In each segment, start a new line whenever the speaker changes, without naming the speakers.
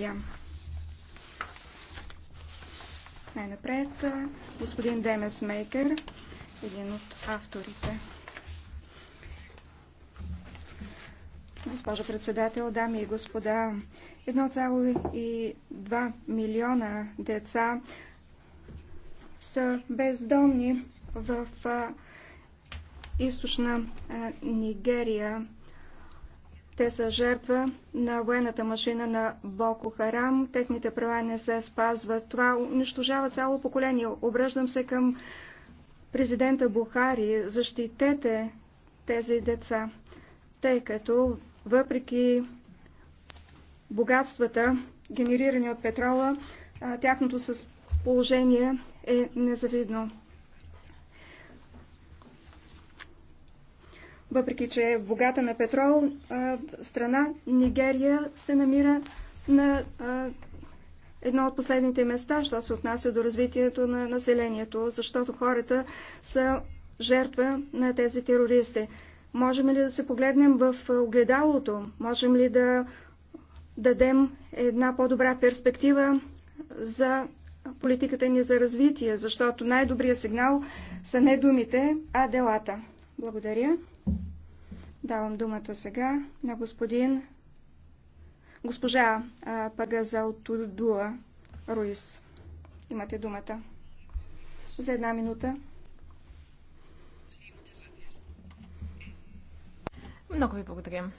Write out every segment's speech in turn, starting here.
Сърбия. Най-напред господин Демес Мейкер, един от авторите. Госпожо председател, дами и господа, 1,2 милиона деца са бездомни в източна Нигерия. Те са жертва на военната машина на Боко Харам. Техните права не се спазват. Това унищожава цяло поколение. Обръждам се към президента Бухари. Защитете тези деца, тъй като въпреки богатствата, генерирани от петрола, тяхното положение е незавидно. въпреки че е богата на петрол страна, Нигерия се намира на едно от последните места, що се отнася до развитието на населението, защото хората са жертва на тези терористи. Можем ли да се погледнем в огледалото? Можем ли да дадем една по-добра перспектива за политиката ни за развитие, защото най-добрият сигнал са не думите, а делата. Благодаря. Давам думата сега на господин госпожа Пагазал Тудула Руис. Имате думата. За една минута.
Много ви благодаря.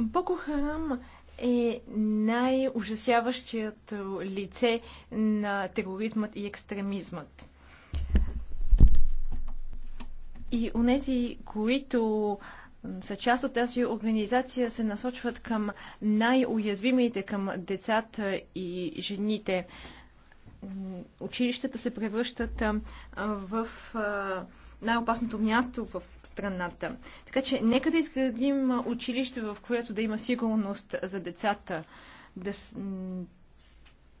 Боко Харам е най-ужасяващият лице на тероризмът и екстремизмът и онези, които са част от тази организация, се насочват към най-уязвимите, към децата и жените. Училищата се превръщат в най-опасното място в страната. Така че нека да изградим училище, в което да има сигурност за децата. Да,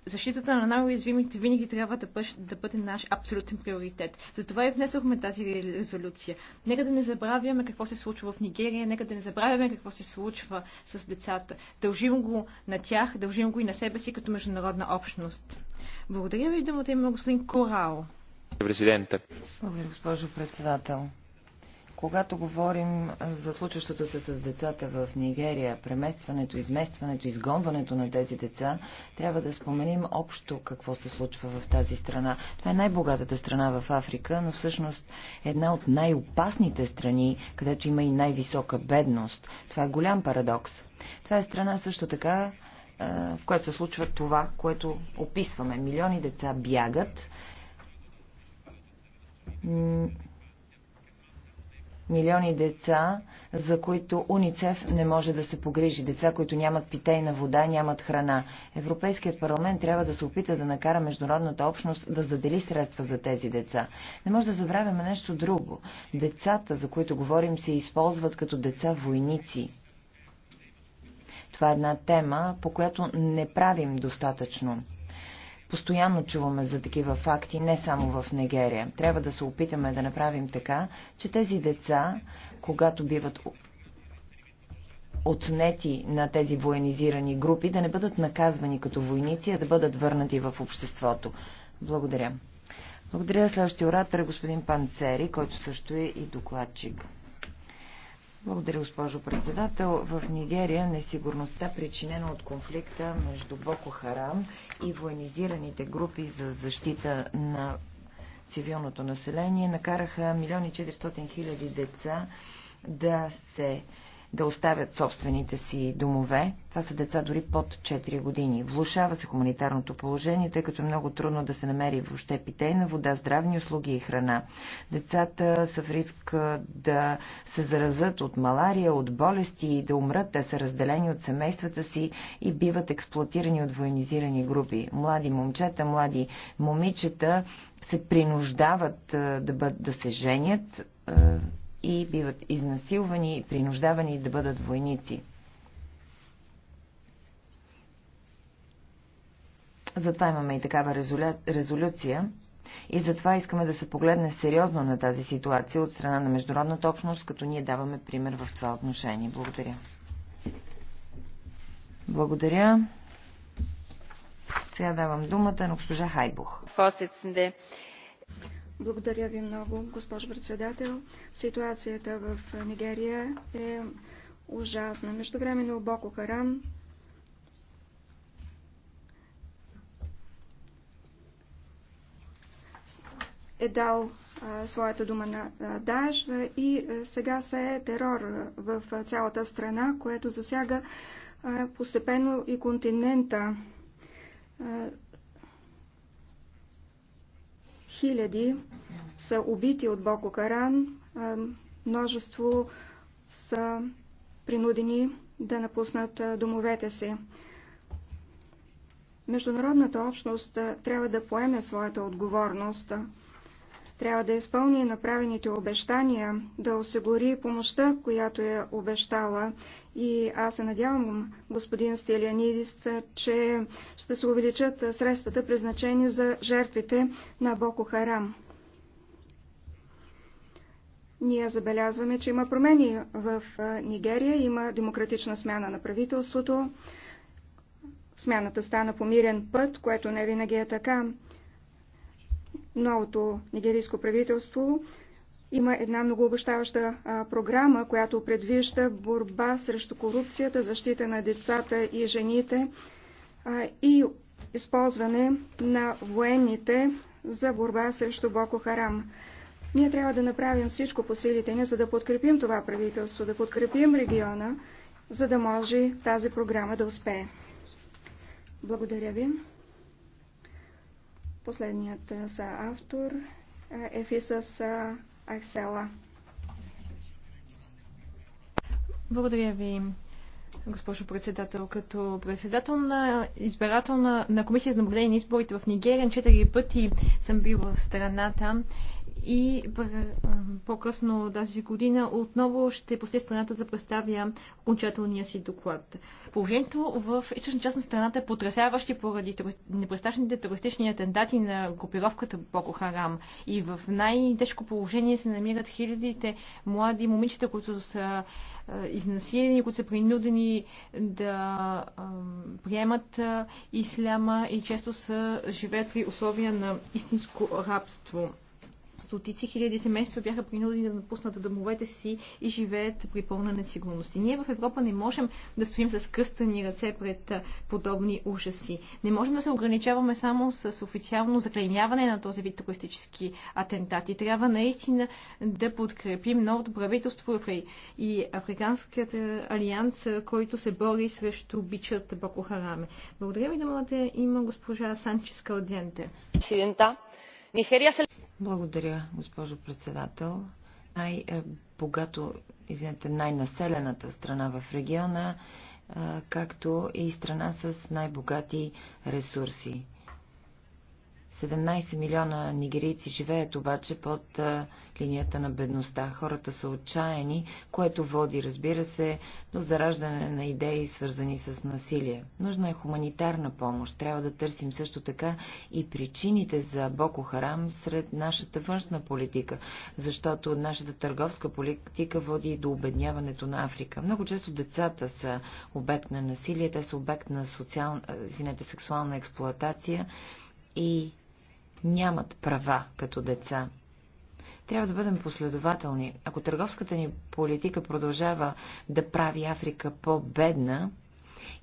защитата на най-уязвимите винаги трябва да, бъде, да бъде наш абсолютен приоритет. Затова и внесохме тази резолюция. Нека да не забравяме какво се случва в Нигерия, нека да не забравяме какво се случва с децата. Дължим го на тях, дължим го и на себе си като международна общност. Благодаря ви, думата има господин Корао.
Благодаря,
госпожо председател. Когато говорим за случващото се с децата в Нигерия, преместването, изместването, изгонването на тези деца, трябва да споменим общо какво се случва в тази страна. Това е най-богатата страна в Африка, но всъщност една от най-опасните страни, където има и най-висока бедност. Това е голям парадокс. Това е страна също така, в която се случва това, което описваме. Милиони деца бягат милиони деца, за които УНИЦЕФ не може да се погрижи. Деца, които нямат питейна вода, нямат храна. Европейският парламент трябва да се опита да накара международната общност да задели средства за тези деца. Не може да забравяме нещо друго. Децата, за които говорим, се използват като деца войници. Това е една тема, по която не правим достатъчно. Постоянно чуваме за такива факти, не само в Нигерия. Трябва да се опитаме да направим така, че тези деца, когато биват отнети на тези военизирани групи, да не бъдат наказвани като войници, а да бъдат върнати в обществото. Благодаря. Благодаря следващия оратор, е господин Панцери, който също е и докладчик. Благодаря, госпожо председател. В Нигерия несигурността, причинена от конфликта между Боко Харам и военизираните групи за защита на цивилното население, накараха милиони 400 хиляди деца да се да оставят собствените си домове. Това са деца дори под 4 години. Влушава се хуманитарното положение, тъй като е много трудно да се намери въобще питейна вода, здравни услуги и храна. Децата са в риск да се заразат от малария, от болести и да умрат. Те са разделени от семействата си и биват експлуатирани от военизирани групи. Млади момчета, млади момичета се принуждават да, бъд, да се женят и биват изнасилвани и принуждавани да бъдат войници. Затова имаме и такава резолю... резолюция и затова искаме да се погледне сериозно на тази ситуация от страна на международната общност, като ние даваме пример в това отношение. Благодаря. Благодаря. Сега давам думата на госпожа Хайбух.
Благодаря ви много, госпожо председател. Ситуацията в Нигерия е ужасна. Междувременно Боко Харам е дал своята дума на Даш и сега се е терор в цялата страна, което засяга постепенно и континента хиляди са убити от Боко Каран, множество са принудени да напуснат домовете си. Международната общност трябва да поеме своята отговорност трябва да изпълни направените обещания, да осигури помощта, която е обещала. И аз се надявам, господин Стелянидис, че ще се увеличат средствата, призначени за жертвите на Боко Харам. Ние забелязваме, че има промени в Нигерия, има демократична смяна на правителството. Смяната стана по мирен път, което не винаги е така новото нигерийско правителство има една много обещаваща програма, която предвижда борба срещу корупцията, защита на децата и жените а, и използване на военните за борба срещу Боко Харам. Ние трябва да направим всичко по силите ни, за да подкрепим това правителство, да подкрепим региона, за да може тази програма да успее. Благодаря ви. Последният е, са автор е, е Фисас е, Аксела.
Благодаря ви, госпожо председател. Като председател на избирателна на комисия за наблюдение на изборите в Нигерия, четири пъти съм бил в страната и по-късно тази година отново ще посетя страната за да представя окончателния си доклад. Положението в източна част на страната е потрясяващи поради непрестащните терористични атентати на групировката Боко Харам. И в най-тежко положение се намират хилядите млади момичета, които са изнасилени, които са принудени да приемат исляма и често са живеят при условия на истинско рабство стотици хиляди семейства бяха принудени да напуснат домовете си и живеят при пълна несигурност. И ние в Европа не можем да стоим с кръстани ръце пред подобни ужаси. Не можем да се ограничаваме само с официално заклиняване на този вид туристически атентати. Трябва наистина да подкрепим новото правителство и Африканската алианс, който се бори срещу бичът Боко Хараме. Благодаря ви, думата има госпожа Санчес Калденте. Нигерия се благодаря, госпожо председател.
Най-богато, извинете, най-населената страна в региона, както и страна с най-богати ресурси. 17 милиона нигерийци живеят обаче под а, линията на бедността. Хората са отчаяни, което води, разбира се, до зараждане на идеи, свързани с насилие. Нужна е хуманитарна помощ. Трябва да търсим също така и причините за Боко Харам сред нашата външна политика, защото нашата търговска политика води и до обедняването на Африка. Много често децата са обект на насилие, те са обект на социал... извинете, сексуална експлоатация и нямат права като деца. Трябва да бъдем последователни. Ако търговската ни политика продължава да прави Африка по-бедна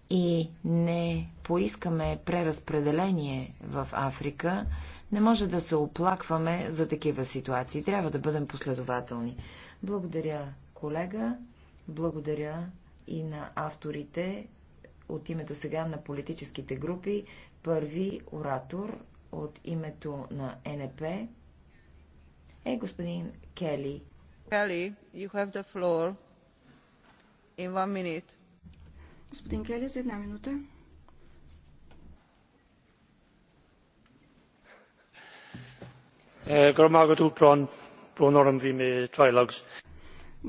и не поискаме преразпределение в Африка, не може да се оплакваме за такива ситуации. Трябва да бъдем последователни. Благодаря, колега. Благодаря и на авторите от името сега на политическите групи. Първи оратор от името на НП е господин Кели.
Кели, you have the floor in one minute. Господин Кели,
за една минута. Е,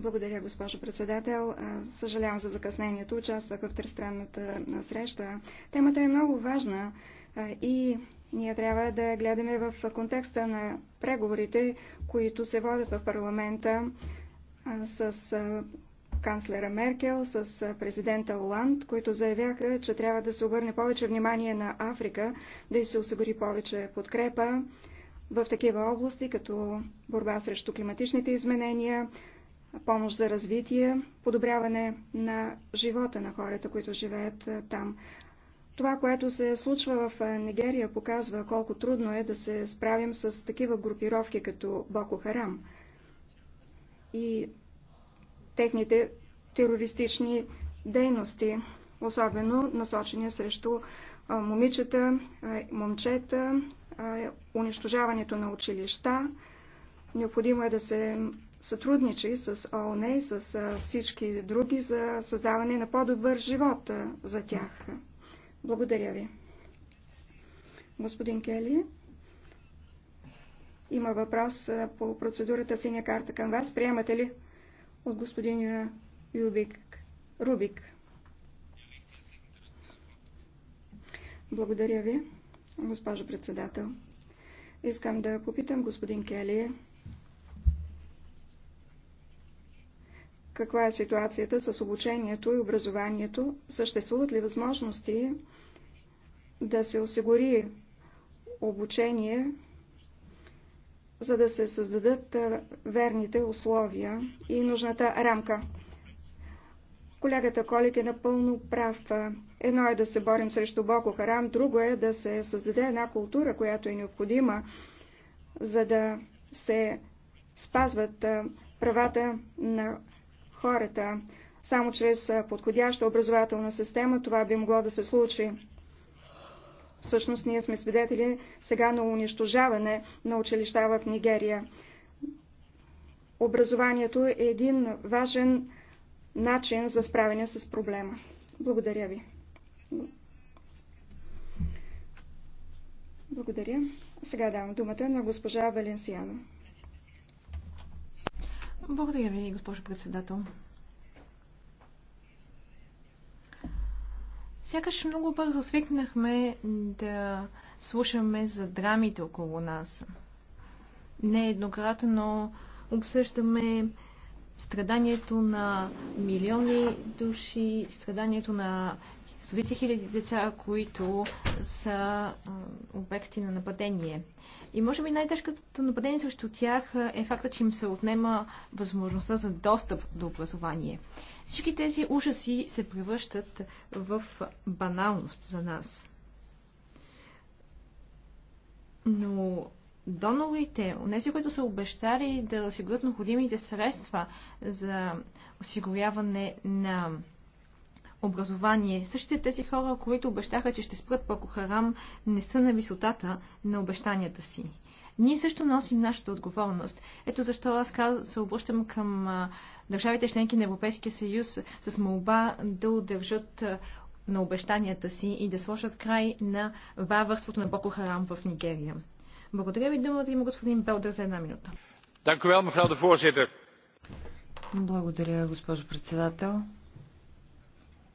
Благодаря, госпожо председател. Е, съжалявам за закъснението. Участвах в тристранната среща. Темата е много важна е, и ние трябва да гледаме в контекста на преговорите, които се водят в парламента с канцлера Меркел, с президента Оланд, които заявяха, че трябва да се обърне повече внимание на Африка, да й се осигури повече подкрепа в такива области, като борба срещу климатичните изменения, помощ за развитие, подобряване на живота на хората, които живеят там. Това, което се случва в Нигерия, показва колко трудно е да се справим с такива групировки като Боко Харам и техните терористични дейности, особено насочени срещу момичета, момчета, унищожаването на училища. Необходимо е да се сътрудничи с ООН и с всички други за създаване на по-добър живот за тях. Благодаря ви. Господин Кели, има въпрос по процедурата синя карта към вас. Приемате ли от господин Юбик, Рубик? Благодаря ви, госпожо председател. Искам да попитам господин Кели каква е ситуацията с обучението и образованието, съществуват ли възможности да се осигури обучение, за да се създадат верните условия и нужната рамка. Колегата Колик е напълно прав. Едно е да се борим срещу Боко Харам, друго е да се създаде една култура, която е необходима, за да се спазват правата на хората. Само чрез подходяща образователна система това би могло да се случи. Всъщност ние сме свидетели сега на унищожаване на училища в Нигерия. Образованието е един важен начин за справяне с проблема. Благодаря ви. Благодаря. Сега давам думата на госпожа Валенсиано.
Благодаря ви, госпожо председател. Сякаш много бързо свикнахме да слушаме за драмите около нас. Нееднократно обсъждаме страданието на милиони души, страданието на стотици хиляди деца, които са обекти на нападение. И може би най-тежкото нападение срещу тях е факта, че им се отнема възможността за достъп до образование. Всички тези ужаси се превръщат в баналност за нас. Но донорите, онези, които са обещали да осигурят необходимите средства за осигуряване на образование. Същите тези хора, които обещаха, че ще спрат Поко Харам, не са на висотата на обещанията си. Ние също носим нашата отговорност. Ето защо аз се обръщам към държавите членки на Европейския съюз с молба да удържат на обещанията си и да сложат край на варварството на Боко Харам в Нигерия. Благодаря ви, думата да има господин Белдър за една минута.
Благодаря, госпожо председател.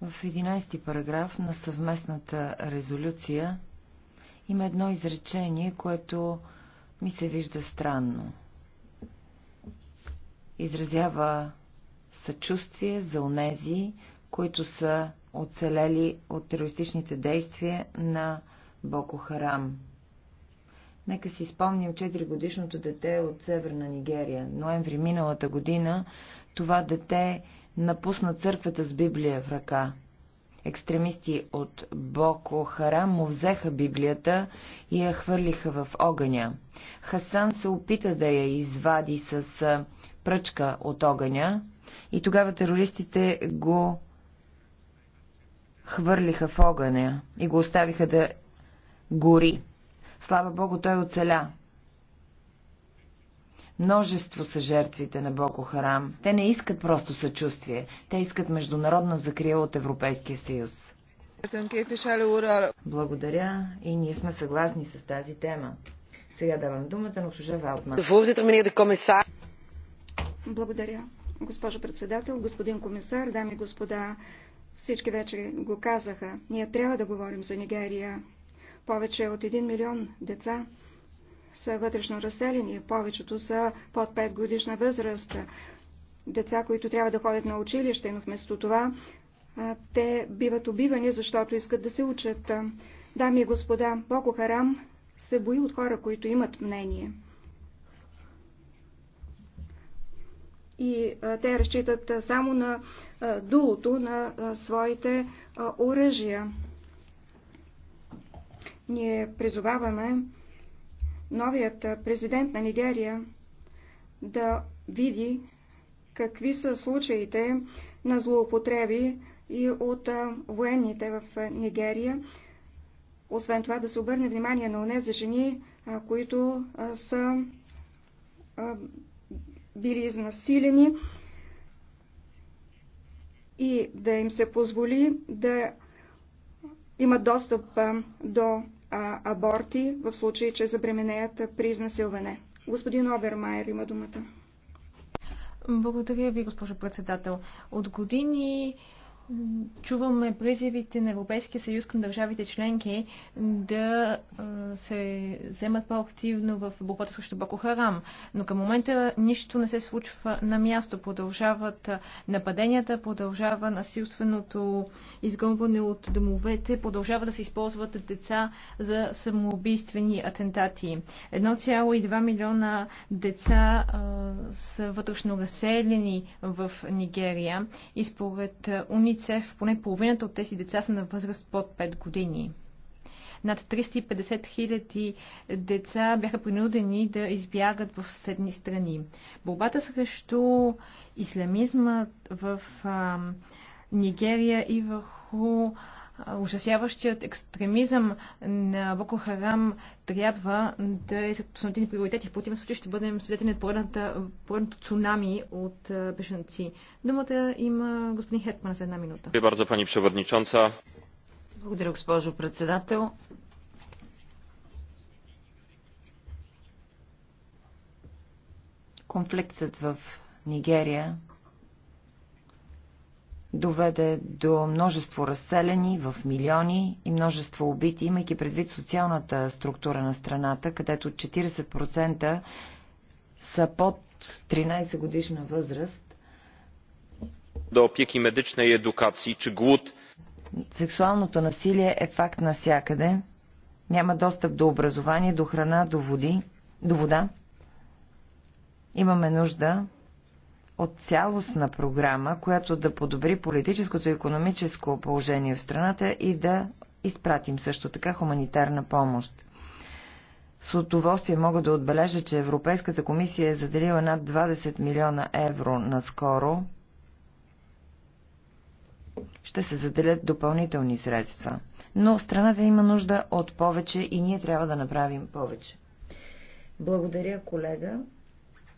В 11 ти параграф на съвместната резолюция има едно изречение, което ми се вижда странно. Изразява съчувствие за онези, които са оцелели от терористичните действия на Боко Харам. Нека си спомним 4 годишното дете от Северна Нигерия. Ноември миналата година това дете напусна църквата с Библия в ръка. Екстремисти от Боко Харам му взеха Библията и я хвърлиха в огъня. Хасан се опита да я извади с пръчка от огъня и тогава терористите го хвърлиха в огъня и го оставиха да гори. Слава Богу, той оцеля. Множество са жертвите на Боко Харам. Те не искат просто съчувствие. Те искат международна закрила от Европейския съюз. Благодаря и ние сме съгласни с тази тема. Сега давам думата на госпожа Валтман.
Благодаря. Госпожо председател, господин комисар, дами и господа, всички вече го казаха. Ние трябва да говорим за Нигерия. Повече от един милион деца са вътрешно разселени, повечето са под 5 годишна възраст. Деца, които трябва да ходят на училище, но вместо това те биват убивани, защото искат да се учат. Дами и господа, Боко Харам се бои от хора, които имат мнение. И те разчитат само на дулото на своите оръжия. Ние призоваваме новият президент на Нигерия да види какви са случаите на злоупотреби и от военните в Нигерия. Освен това да се обърне внимание на онези жени, които са били изнасилени и да им се позволи да имат достъп до аборти в случай, че забременеят при изнасилване. Господин Обермайер има думата. Благодаря
ви, госпожо председател. От години чуваме призивите на Европейския съюз към държавите членки да се вземат по-активно в борбата срещу Баку Харам. Но към момента нищо не се случва на място. Продължават нападенията, продължава насилственото изгонване от домовете, продължава да се използват деца за самоубийствени атентати. 1,2 милиона деца са вътрешно разселени в Нигерия и според уници ЮНИЦЕФ поне половината от тези деца са на възраст под 5 години. Над 350 хиляди деца бяха принудени да избягат в съседни страни. Борбата срещу исламизма в а, Нигерия и върху а, ужасяващият екстремизъм на Боко Харам трябва да е сред основните приоритети. В противен случай ще бъдем свидетели на поредното цунами от бежанци. Думата има господин Хетман за една минута. Благодаря,
госпожо председател. Конфликтът в Нигерия доведе до множество разселени в милиони и множество убити, имайки предвид социалната структура на страната, където 40% са под 13 годишна възраст.
До опеки медична и едукации, че глуд.
Сексуалното насилие е факт навсякъде. Няма достъп до образование, до храна, до, води, до вода. Имаме нужда от цялостна програма, която да подобри политическото и економическо положение в страната и да изпратим също така хуманитарна помощ. С удоволствие мога да отбележа, че Европейската комисия е заделила над 20 милиона евро наскоро. Ще се заделят допълнителни средства. Но страната има нужда от повече и ние трябва да направим повече. Благодаря, колега.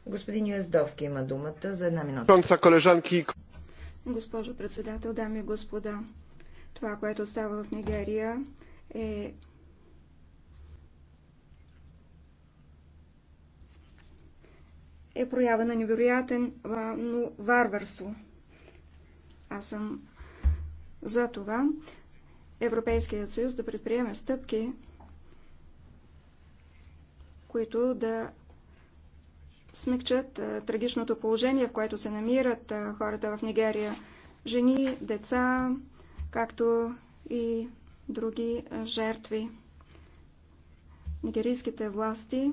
Господин Юездовски има думата за една
минута.
Госпожо председател, дами и господа, това, което става в Нигерия е е проява на невероятен но варварство. Аз съм за това Европейският съюз да предприеме стъпки, които да смекчат трагичното положение, в което се намират хората в Нигерия. Жени, деца, както и други жертви. Нигерийските власти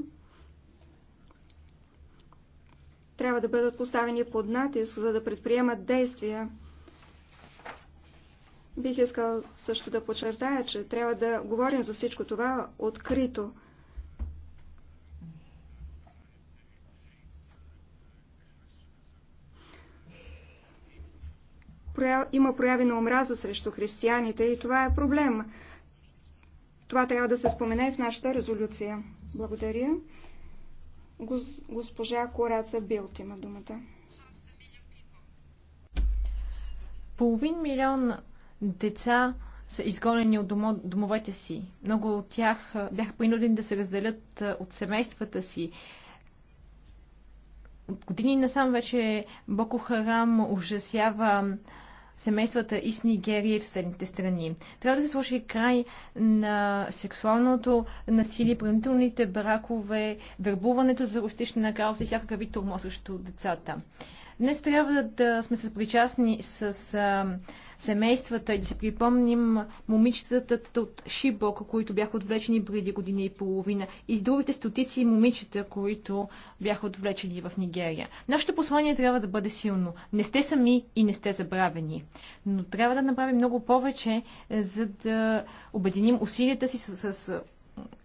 трябва да бъдат поставени под натиск, за да предприемат действия. Бих искал също да подчертая, че трябва да говорим за всичко това открито. има прояви на омраза срещу християните и това е проблем. Това трябва да се спомене в нашата резолюция. Благодаря. Госпожа Кораца Билт има думата.
Половин милион деца са изгонени от домовете си. Много от тях бяха принудени да се разделят от семействата си. От години насам вече Боко Харам ужасява семействата и с Нигерия и в съседните страни. Трябва да се сложи край на сексуалното насилие, принудителните бракове, вербуването за рустична кауза и всякакъв вид тормоз срещу децата. Днес трябва да сме се причастни с а, семействата и да се припомним момичетата от Шибок, които бяха отвлечени преди година и половина и другите стотици момичета, които бяха отвлечени в Нигерия. Нашето послание трябва да бъде силно. Не сте сами и не сте забравени. Но трябва да направим много повече, е, за да обединим усилията си с, с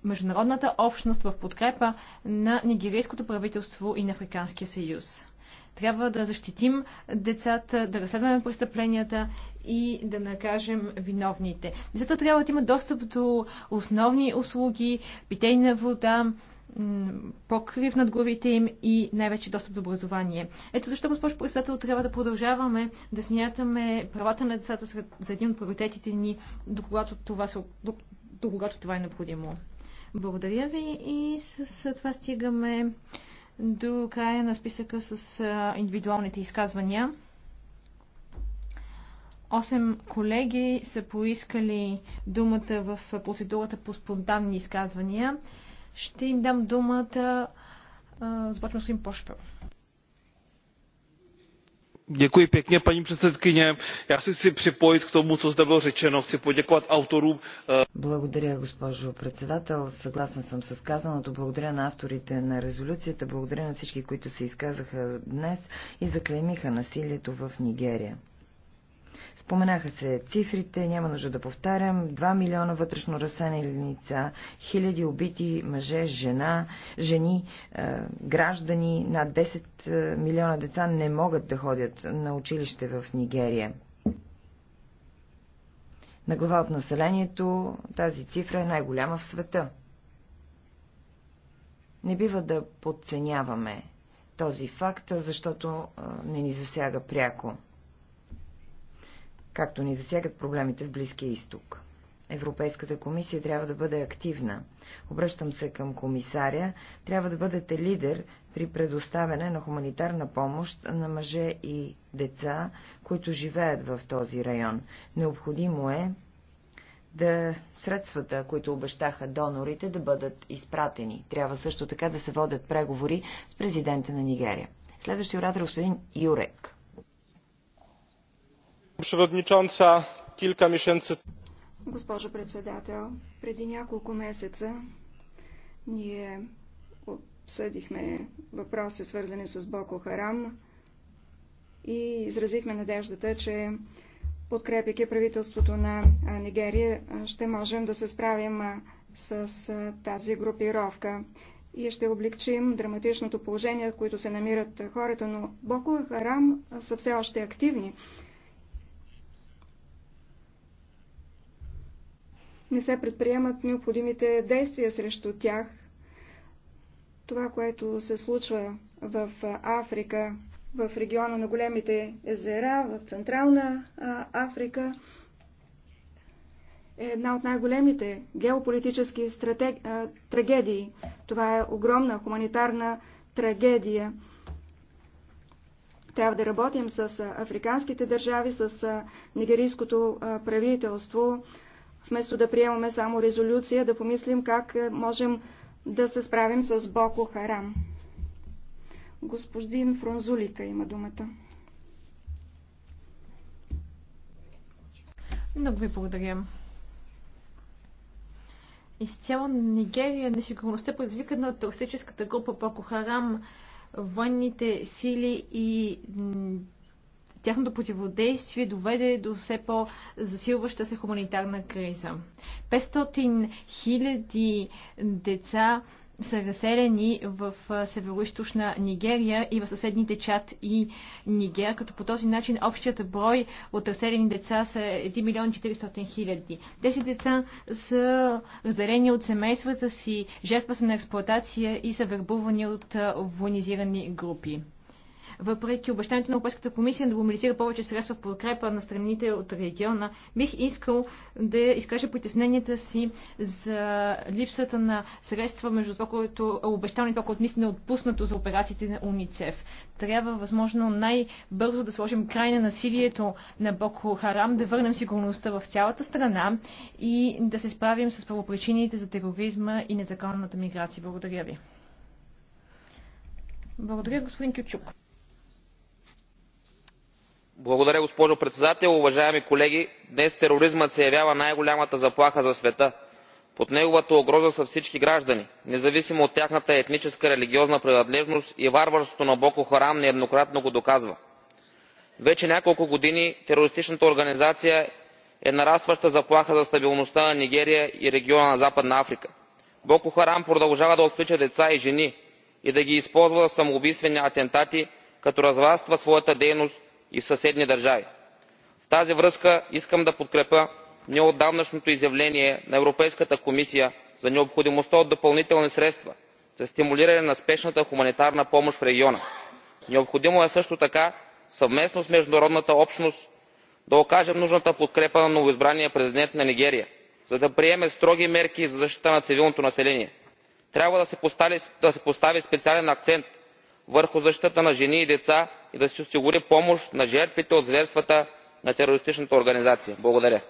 международната общност в подкрепа на нигерийското правителство и на Африканския съюз. Трябва да защитим децата, да разследваме престъпленията и да накажем виновните. Децата трябва да имат достъп до основни услуги, питейна вода, покрив над главите им и най-вече достъп до образование. Ето защо, госпожо председател, трябва да продължаваме да смятаме правата на децата за един от приоритетите ни, до когато това, се, до, до когато това е необходимо. Благодаря ви и с, с това стигаме до края на списъка с индивидуалните изказвания. Осем колеги са поискали думата в процедурата по спонтанни изказвания. Ще им дам думата. Започвам с господин Пошпел
paní předsedající já se chci připojit k tomu co zde bylo řečeno. chci poděkovat autorům. Eh,
Благодаря, госпожо председател. Съгласна съм с казаното. Благодаря на авторите на резолюцията. Благодаря на всички, които се изказаха днес и заклеймиха насилието в Нигерия. Споменаха се цифрите, няма нужда да повтарям. 2 милиона вътрешно разсенени лица, хиляди убити мъже, жена, жени, е, граждани, над 10 е, милиона деца не могат да ходят на училище в Нигерия. На глава от населението тази цифра е най-голяма в света. Не бива да подценяваме този факт, защото е, не ни засяга пряко както ни засягат проблемите в Близкия изток. Европейската комисия трябва да бъде активна. Обръщам се към комисаря, трябва да бъдете лидер при предоставяне на хуманитарна помощ на мъже и деца, които живеят в този район. Необходимо е да средствата, които обещаха донорите, да бъдат изпратени. Трябва също така да се водят преговори с президента на Нигерия. Следващия оратор е господин
Юрек.
Госпожо председател, преди няколко месеца ние обсъдихме въпроси, свързани с Боко Харам и изразихме надеждата, че подкрепяйки правителството на Нигерия, ще можем да се справим с тази групировка и ще облегчим драматичното положение, в което се намират хората, но Боко Харам са все още активни не се предприемат необходимите действия срещу тях. Това, което се случва в Африка, в региона на големите езера, в Централна Африка, е една от най-големите геополитически стратег... трагедии. Това е огромна хуманитарна трагедия. Трябва да работим с африканските държави, с нигерийското правителство, вместо да приемаме само резолюция, да помислим как е, можем да се справим с Боко Харам. Господин Фронзулика има думата.
Много ви благодаря. Изцяло Нигерия несигурността предизвика на терористическата група Боко Харам, военните сили и тяхното противодействие доведе до все по-засилваща се хуманитарна криза. 500 хиляди деца са разселени в северо Нигерия и в съседните Чад и Нигер, като по този начин общият брой от разселени деца са 1 милион 400 хиляди. Тези деца са разделени от семействата си, жертва са на експлоатация и са вербувани от военизирани групи. Въпреки обещанието на Европейската комисия да мобилизира повече средства в подкрепа на страните от региона, бих искал да изкажа притесненията си за липсата на средства между това, което е обещано и това, което наистина е отпуснато за операциите на УНИЦЕФ. Трябва възможно най-бързо да сложим край на насилието на Боко Харам, да върнем сигурността в цялата страна и да се справим с правопричините за тероризма и незаконната миграция. Благодаря ви. Благодаря, господин Кючук
госпожо председател. уважаеми колеги днес тероризмът се явява най голямата заплаха за света. под неговата угроза са всички граждани независимо от тяхната етническа и религиозна принадлежност и варварството на боко харам нееднократно го доказва. вече няколко години терористичната организация е нарастваща заплаха за стабилността на нигерия и региона на западна африка. боко харам продължава да отвлича деца и жени и да ги използва за самоубийствени атентати като разраства своята дейност и съседни държави. в тази връзка искам да подкрепя неотдавнашното изявление на европейската комисия за необходимостта от допълнителни средства за стимулиране на спешната хуманитарна помощ в региона. необходимо е също така съвместно с международната общност да окажем нужната подкрепа на новоизбрания президент на нигерия за да приеме строги мерки за защита на цивилното население. трябва да се постави специален акцент върху защитата на жени и деца и да се осигури помощ на жертвите от зверствата на терористичната организация. благодаря.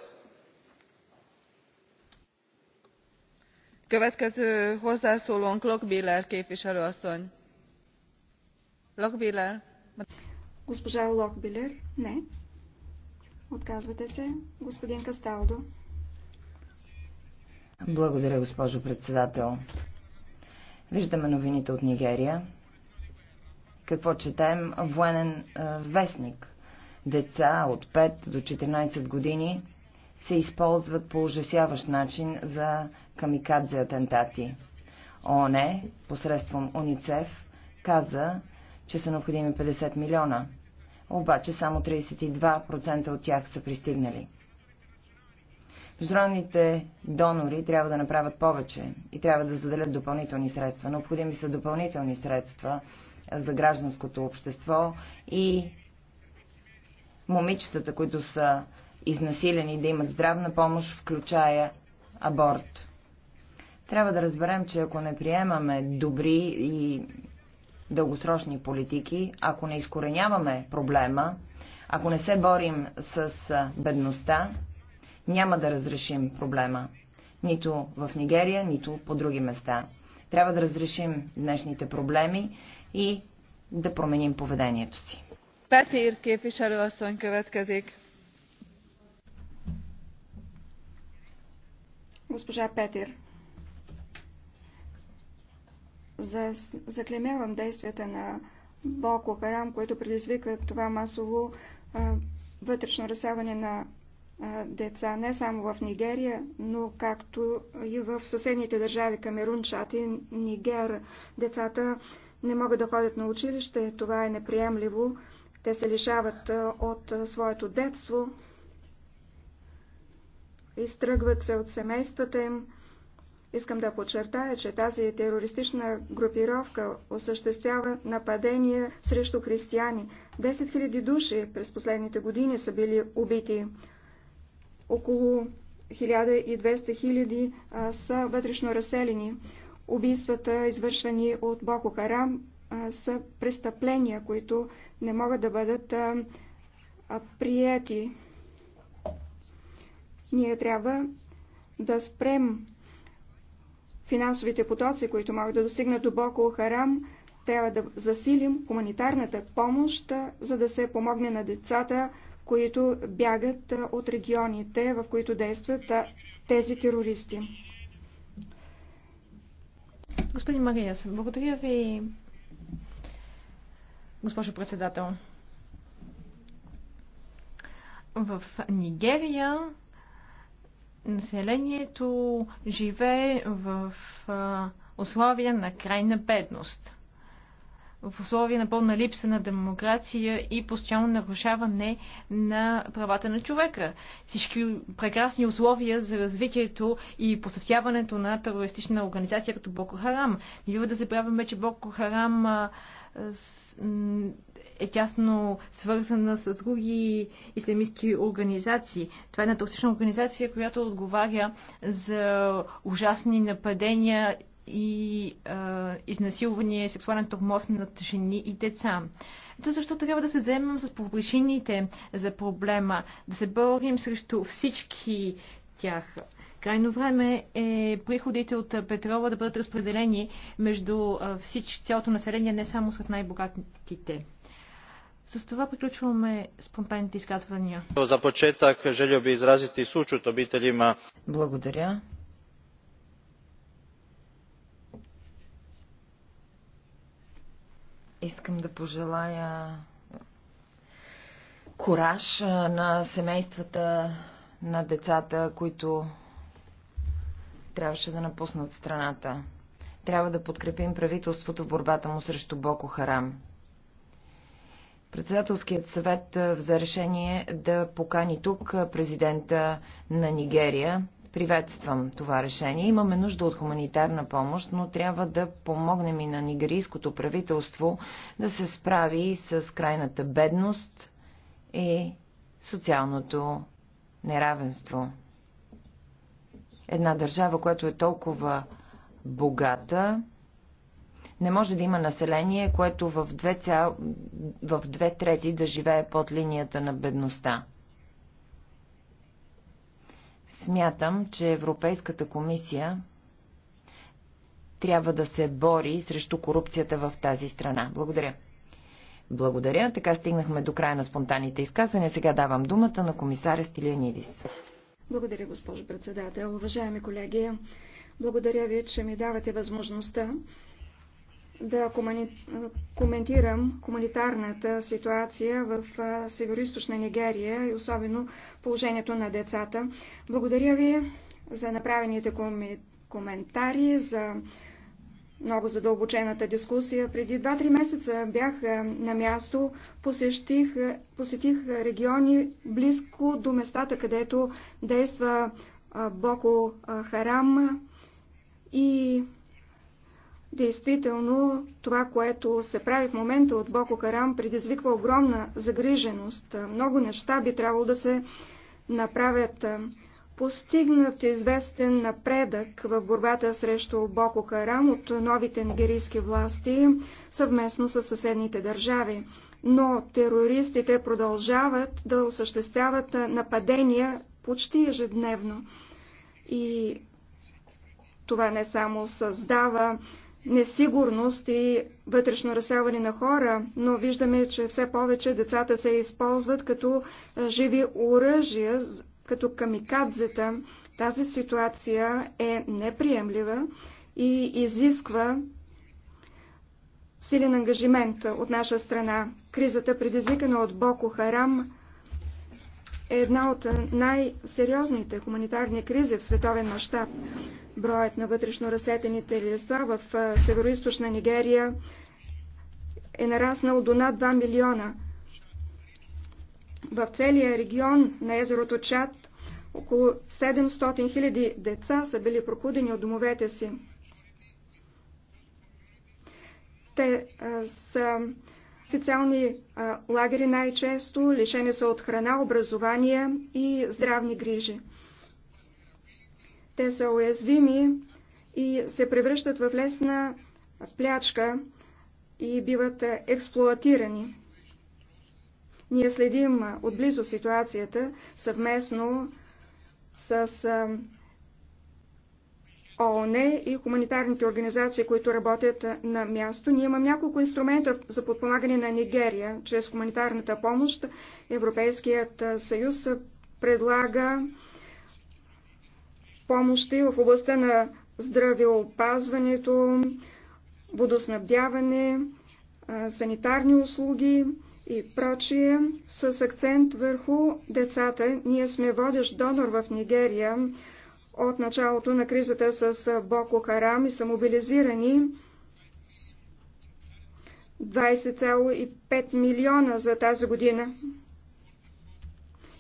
Госпожа Локбилер? Не. Отказвате се. Господин Касталдо.
Благодаря, госпожо председател. Виждаме новините от Нигерия какво четем, военен вестник. Деца от 5 до 14 години се използват по ужасяващ начин за камикадзе атентати. ОНЕ, посредством УНИЦЕФ, каза, че са необходими 50 милиона, обаче само 32% от тях са пристигнали. Международните донори трябва да направят повече и трябва да заделят допълнителни средства. Необходими са допълнителни средства за гражданското общество и момичетата, които са изнасилени, да имат здравна помощ, включая аборт. Трябва да разберем, че ако не приемаме добри и дългосрочни политики, ако не изкореняваме проблема, ако не се борим с бедността, няма да разрешим проблема. Нито в Нигерия, нито по други места. Трябва да разрешим днешните проблеми и да променим поведението си.
Петир
Кефишаро asszony következik. Госпожа Петир, за, заклемявам действията на Боко Харам, които предизвикват това масово а, вътрешно разсяване на а, деца, не само в Нигерия, но както и в съседните държави Камерун, Чад и Нигер. Децата не могат да ходят на училище. Това е неприемливо. Те се лишават от своето детство, изтръгват се от семействата им. Искам да подчертая, че тази терористична групировка осъществява нападения срещу християни. 10 000 души през последните години са били убити. Около 1200 000 са вътрешно разселени. Убийствата, извършвани от Боко Харам, са престъпления, които не могат да бъдат прияти. Ние трябва да спрем финансовите потоци, които могат да достигнат до Боко Харам, трябва да засилим хуманитарната помощ, за да се помогне на децата, които бягат от регионите, в които действат тези терористи.
Господин Мариас, благодаря ви, госпожо председател. В Нигерия населението живее в условия на крайна бедност в условия на пълна липса на демокрация и постоянно нарушаване на правата на човека. Всички прекрасни условия за развитието и посъвтяването на терористична организация като Боко Харам. Не бива да забравяме, че Боко Харам а, с, е тясно свързана с други ислямистки организации. Това е една токсична организация, която отговаря за ужасни нападения и а, изнасилване, сексуален тормоз над жени и деца. Ето защо трябва да се вземем с причините за проблема, да се борим срещу всички тях. Крайно време е приходите от петрола да бъдат разпределени между всич, цялото население, не само сред най-богатите. С това приключваме спонтанните изказвания.
За почетък желя би изразити сучут обителима.
Благодаря.
Искам да пожелая кораж на семействата, на децата, които трябваше да напуснат страната. Трябва да подкрепим правителството в борбата му срещу Боко Харам. Председателският съвет взе решение да покани тук президента на Нигерия Приветствам това решение. Имаме нужда от хуманитарна помощ, но трябва да помогнем и на нигерийското правителство да се справи с крайната бедност и социалното неравенство. Една държава, която е толкова богата, не може да има население, което в две, ця... в две трети да живее под линията на бедността. Смятам, че Европейската комисия трябва да се бори срещу корупцията в тази страна. Благодаря. Благодаря. Така стигнахме до края на спонтанните изказвания. Сега давам думата на комисаря Стилианидис.
Благодаря, госпожо председател. Уважаеми колеги, благодаря ви, че ми давате възможността да коментирам хуманитарната ситуация в Североизточна Нигерия и особено положението на децата. Благодаря ви за направените коментари, за много задълбочената дискусия. Преди 2-3 месеца бях на място, посетих, посетих региони близко до местата, където действа Боко Харам и Действително, това, което се прави в момента от Боко Карам, предизвиква огромна загриженост. Много неща би трябвало да се направят. Постигнат известен напредък в борбата срещу Боко Карам от новите нигерийски власти съвместно с съседните държави. Но терористите продължават да осъществяват нападения почти ежедневно. И това не само създава несигурност и вътрешно разселване на хора, но виждаме, че все повече децата се използват като живи оръжия, като камикадзета. Тази ситуация е неприемлива и изисква силен ангажимент от наша страна. Кризата, предизвикана от Боко Харам, е една от най-сериозните хуманитарни кризи в световен мащаб. Броят на вътрешно разсетените леса в северо Нигерия е нараснал до над 2 милиона. В целия регион на езерото Чад около 700 хиляди деца са били прокудени от домовете си. Те а, са официални а, лагери най-често, лишени са от храна, образование и здравни грижи. Те са уязвими и се превръщат в лесна плячка и биват експлуатирани. Ние следим отблизо ситуацията съвместно с ООН и хуманитарните организации, които работят на място. Ние имам няколко инструмента за подпомагане на Нигерия. Чрез хуманитарната помощ Европейският съюз предлага помощи в областта на здравеопазването, водоснабдяване, санитарни услуги и прочие, с акцент върху децата. Ние сме водещ донор в Нигерия. От началото на кризата с Боко Харам и са мобилизирани 20,5 милиона за тази година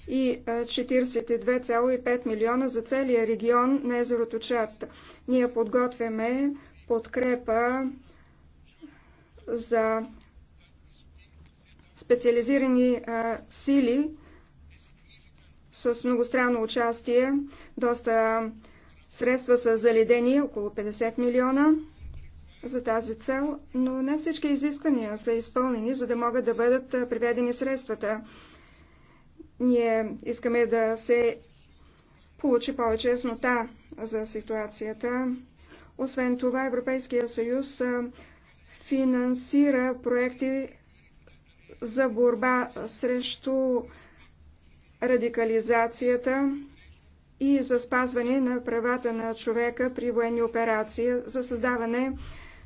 и 42,5 милиона за целия регион на езерото Чат. Ние подготвяме подкрепа за специализирани а, сили с многостранно участие. Доста средства са заледени, около 50 милиона за тази цел, но не всички изисквания са изпълнени, за да могат да бъдат приведени средствата. Ние искаме да се получи повече яснота за ситуацията. Освен това, Европейския съюз финансира проекти за борба срещу радикализацията и за спазване на правата на човека при военни операции, за създаване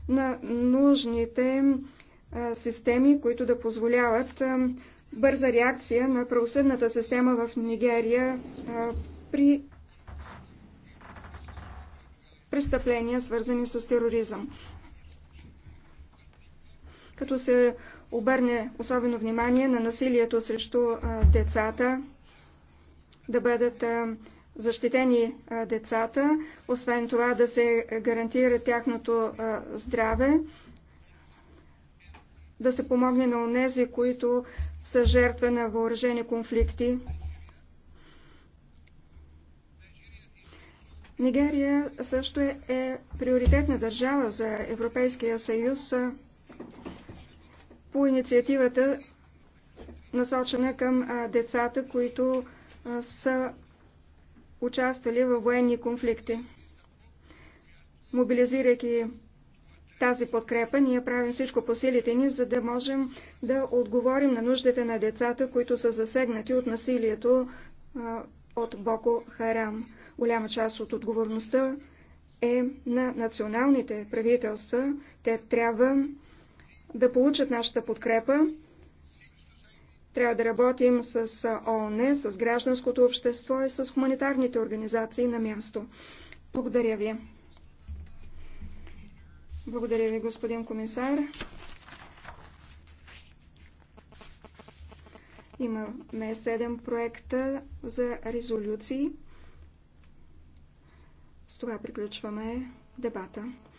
на нужните системи, които да позволяват бърза реакция на правосъдната система в Нигерия при престъпления, свързани с тероризъм. Като се обърне особено внимание на насилието срещу децата, да бъдат защитени децата, освен това да се гарантира тяхното здраве, да се помогне на онези, които са жертва на въоръжени конфликти. Нигерия също е, е приоритетна държава за Европейския съюз по инициативата насочена към децата, които са участвали във военни конфликти. Мобилизирайки тази подкрепа ние правим всичко по силите ни, за да можем да отговорим на нуждите на децата, които са засегнати от насилието от Боко Харам. Голяма част от отговорността е на националните правителства. Те трябва да получат нашата подкрепа. Трябва да работим с ООН, с гражданското общество и с хуманитарните организации на място. Благодаря ви. Благодаря ви, господин комисар. Имаме седем проекта за резолюции. С това приключваме дебата.